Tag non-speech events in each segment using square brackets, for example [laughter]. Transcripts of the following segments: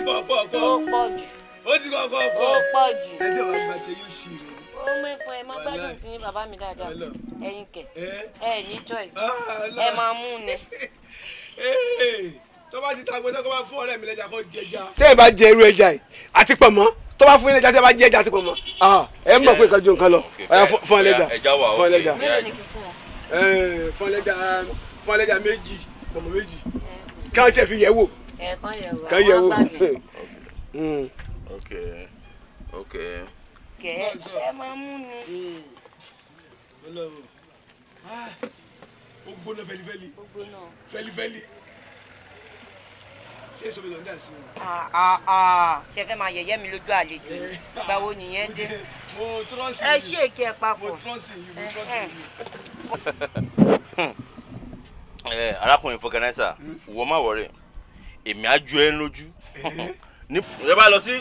ti kọ́ pọ̀ pọ̀. ó pọ̀ jù. ó ti kọ́ pọ̀ pọ̀. ó pọ̀ jù. ẹ tí wàá gbàtẹ yóò ṣì rẹ. ó mú ìfún ẹ má gbádùn sí bàbá mi dáadáa ẹ̀yin kẹ ẹ ní choice ah, ẹ máa mú ni. [laughs] tó bá ti tagbo tó kọ́ bá fún ọ̀rẹ́ mi lẹ́jà kó jẹja. tẹ́ ẹ bá jẹ irú ẹja yìí àti pọ̀ mọ́ tó bá fún yín lẹ́jà tẹ́ bá jẹ ẹja àti pọ̀ mọ́ ah, ẹ mọ̀ pé ìkànjú nǹkan lọ fún ẹlẹ́jà fún ẹlẹ́jà fún eh, ẹlẹ́jà méjì pọ̀mọ́ méjì eh. káwọn tiẹ̀ fi yẹ̀ wò kẹyẹwò [laughs] ok ok. kẹ ẹ máa mú ni. o ah, gbóná fẹlifẹli fẹlifẹli ṣé èso mi lọ ń dà sí i. Ah, ah, ṣe fẹ́ máa yẹ̀yẹ́ mi lójú àlejò eh, gbàwo nìyẹn dé [laughs] ẹ ṣe èké ẹ papọ̀. Eh, eh. [laughs] arákùnrin fọkànáísà hmm? wọ́n má wọ̀rẹ́ èmi á ju ẹ lójú [laughs] ní. ẹ bá lọ sí.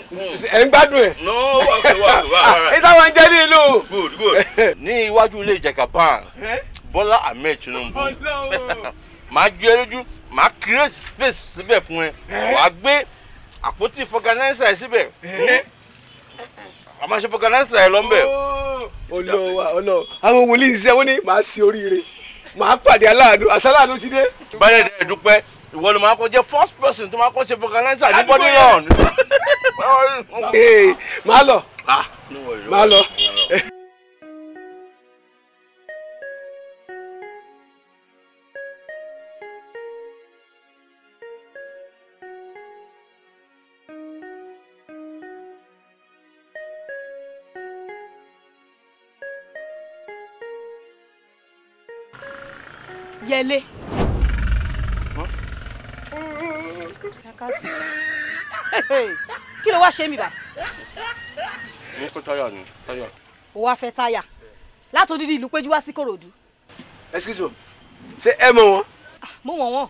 ẹ ń gbádùn ẹ. no wà pé wà pé wà. [laughs] Ah, ẹ táwọn ń ìlú. good good. [laughs] ní iwájú ilé ìjẹ̀ka bank Bọ́lá Ahmed Tinubu oh, màá ju ẹ lójú màá create space síbẹ̀ fún ẹ wàá gbé àpótí fọgànáísà ẹ síbẹ̀ àmọ́ ṣe fọgànáísà ẹ lọ́nbẹ̀. olówó oh, ọ̀nà oh, ah, àwọn wòlíì iṣẹ́ wọn ni màá sí oríire màá pàdé aláàánú àṣà aláàánú ti dé. báyọ̀ dẹ́ dúpẹ́ ìwọ ló máa kọ jẹ first person tó máa kọ ṣe vulcanizer ní body run. máa lọ ah, máa lọ. yẹlé kí ló wá ṣe mí bá. mo kó táyà ni táyà. o wá fẹ́ táyà látòdìdí ìlú péjú wá sí kòròdú. excuse me ṣé ẹ mọ wọn. Ah, mo mọ wọn.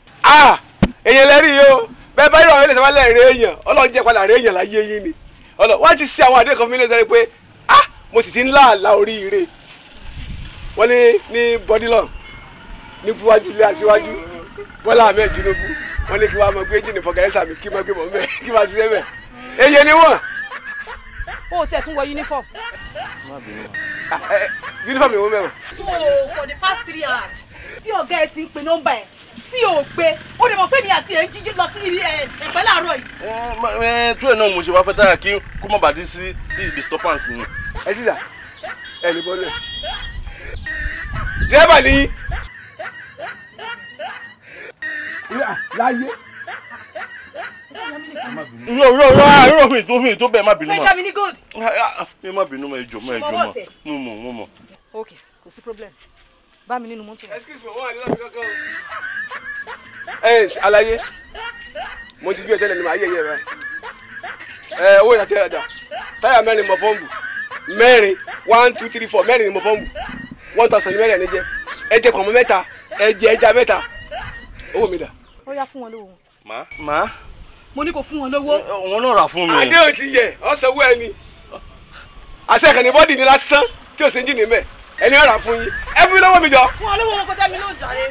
èèyàn lẹ́rìí o bẹ́ẹ̀ bá yọ̀ ọ́ ilé ìsọ́wọ́n lẹ́rìí èèyàn ọlọ́run jẹ́ padà rèéyàn láyé yín ni ọlọ́run wọ́n ti ṣe àwọn àdéhùn kan fún mi lẹ́sẹ̀ pé mo sì ti ń láàlá oríire wọ́n ní ní bọ́dílọ̀ ní buwájú ilé aṣíwájú Bọ́lá Ahmed Tinubu wọ́n lé kí wọ́n á mọ pé jìnnì fọkànlẹ́sà mi kí máa gbé bọ̀ mẹ́ kí máa ṣiṣẹ́ mẹ́ eye ni wọ́n. o ò tẹ̀ wọ uniform. Ah, eh, eh, uniform ìwọ mẹ́wọ̀n. so for the past three hours tí ọ̀gá ẹ ti ń pe nọ́mbà ẹ̀ tí o gbé ó lè mọ pé mi àti ẹ̀ ń jíjí lọ sí ẹ̀pẹ́ láàárọ̀ yìí. tú ẹ̀ náà mo ṣe wá fẹ́ táyà kí kó má bàa dín sí sí disturbance ni. ẹ sísà ẹ lè bọ́ láyé. yọ yọ yọ ah, yọ mi tó mi tó bẹ́ẹ̀ má bínú mọ́. fẹjá mi ní gold. mi ah, ah, má bínú mọ́ ẹjọ́ mọ́ ẹjọ́ mọ́ mo mọ̀ mo mọ̀. ok kò sí problem bá mi nínú mọ́tò. excuse me wọ́n wà nínú àbí kankan o. ẹ alaye mo ti bí ẹ tẹ́lẹ̀ ní ma ayé yẹ rẹ ẹ owó ìtàtẹ́ rẹ dà táyà mẹ́rin mọ̀ pọ́ǹbù mẹ́rin one two three four mẹ́rin mọ̀ pọ́ǹbù one thousand mẹ́rin ẹ̀ ní jẹ́ ẹ jẹ́ kọ̀mọ́ mẹ́ta ẹ jẹ́ ẹja mẹ́ta owó mi dà ó yá fún wọn lówó. má. má. mo ní kó fún wọn lówó. Eh, òun náà rà fún mi. adé ò ti yẹ ọ̀sẹ̀wó ẹni àṣẹ ìkànnì bọ́ọ̀dì ni lásán tí ò sí jìnnì mẹ́ ẹni ọ̀rà fún yín ẹ fún mi lọ́wọ́ mi jọ. wọn lówó wọn kọjá mi náà jàre.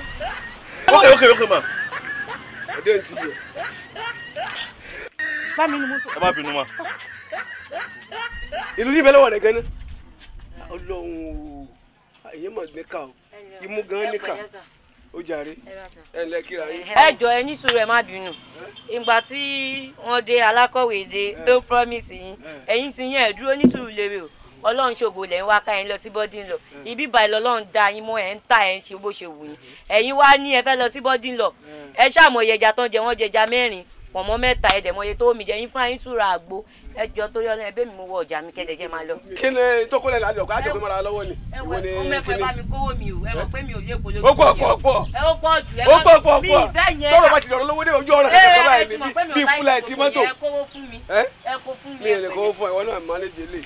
ok ok ok ma adé ò ti yẹ. bá mi ni mo tó. ẹ má bínú ma ìlú yìí fẹ́lẹ́ wà rẹ̀ gan-an ọlọ́run èyí mọ̀ níkà o imú gan-an níkà ó jàre ẹ lẹ kíra yín. ẹ jọ ẹ ní sùúrù ẹ má bínú ìgbà tí wọ́n dé alákọ̀wé dé tó promise yín ẹ̀yin ti yẹn ẹ dúró ní sùúrù lérè o ọlọ́run ṣògo lẹ̀ ń wá ká yín lọ sí bọ́dí lọ ibi báyìí lọ́lọ́run da yín mọ́ ẹ̀ ń ta ẹ̀ ń ṣe bó ṣe wù yín ẹ̀yin wá ní ẹ fẹ́ lọ sí bọ́dí lọ ẹ ṣàmọ̀yẹja tán jẹ wọ́n jẹja mẹ́rin pọ̀nmọ́ mẹ́ta ẹ̀dẹ̀ mọ́ye tó mi jẹ yín fún àyín túra àgbo ẹjọ́ tó yọ náà ẹbẹ́ mi mú wọ ọjà mi kẹ́dẹ̀ jẹ́ máa lọ. kí ni tókòlẹ̀ lálẹ́ ọ̀gá àjọpẹ́ mọ́ra lọ́wọ́ ni. ẹ wọ ẹ mọ ẹkọ ẹ bá mi kówó mi o ẹ mọ pé mi ò lè polówó. ó pọ̀ pọ̀ pọ̀ ó pọ̀ jù ẹ bá mi ìfẹ́ yẹn. tọrọ bá ti dọ̀rọ̀ lówó dé ojú ọ̀rọ̀ kẹsẹ̀ báyìí ni bí fúlà ẹ̀ tí mọ́tò. ẹ kówó fún mi ẹ kó fún mi. mi ò lè kówó fún ẹ wọn náà máa lè délé.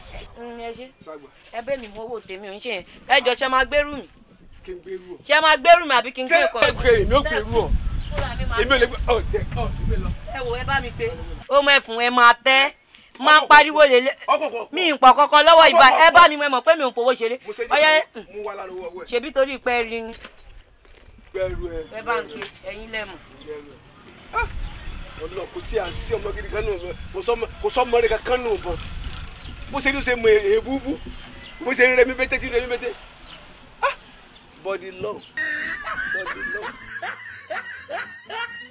ẹbẹ́ mi mọ́wọ́ tèmi ò ń ṣe yẹn ẹjọ́ ṣe máa gbérù mi. kí n gbérù ọ. ṣe máa gbérù mi àbí kí n gbé èmi ò lè gbé ọ tẹ ọ èmi lọ. ẹ wo ẹ bá mi pé ó mọ ẹfun ẹ máa tẹ máa ń pariwo lè lé mi ń pọ kankan lọ́wọ́ ìbá ẹ bá mi mọ̀ pé mi ò fowó ṣeré ọyẹ ṣèbí torí pẹ rí ni ẹ bá ń ké ẹyin lẹ́mọ̀. ọlọ ah! kò tí a sí ọmọ gidi kan nù bọ kò sọmọ rẹ kankan nù bọ bó ṣe ní ṣe mọ èébú e- bú bó ṣe rẹ mi bẹtẹ tí rẹ mi bẹtẹ body love body love.